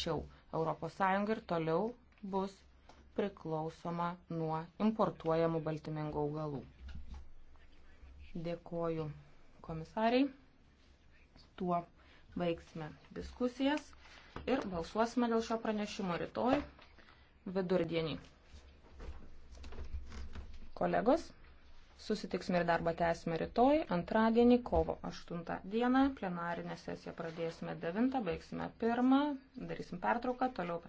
Tačiau ES ir toliau bus priklausoma nuo importuojamų baltymingų augalų. Dėkoju komisariai. Tuo baigsime diskusijas ir balsuosime dėl šio pranešimo rytoj vidurdienį. Kolegos. Susitiksime ir darbą tęsime rytoj, antradienį, kovo 8 dieną. Plenarinę sesiją pradėsime 9, baigsime 1, darysim pertrauką, toliau pradėsime.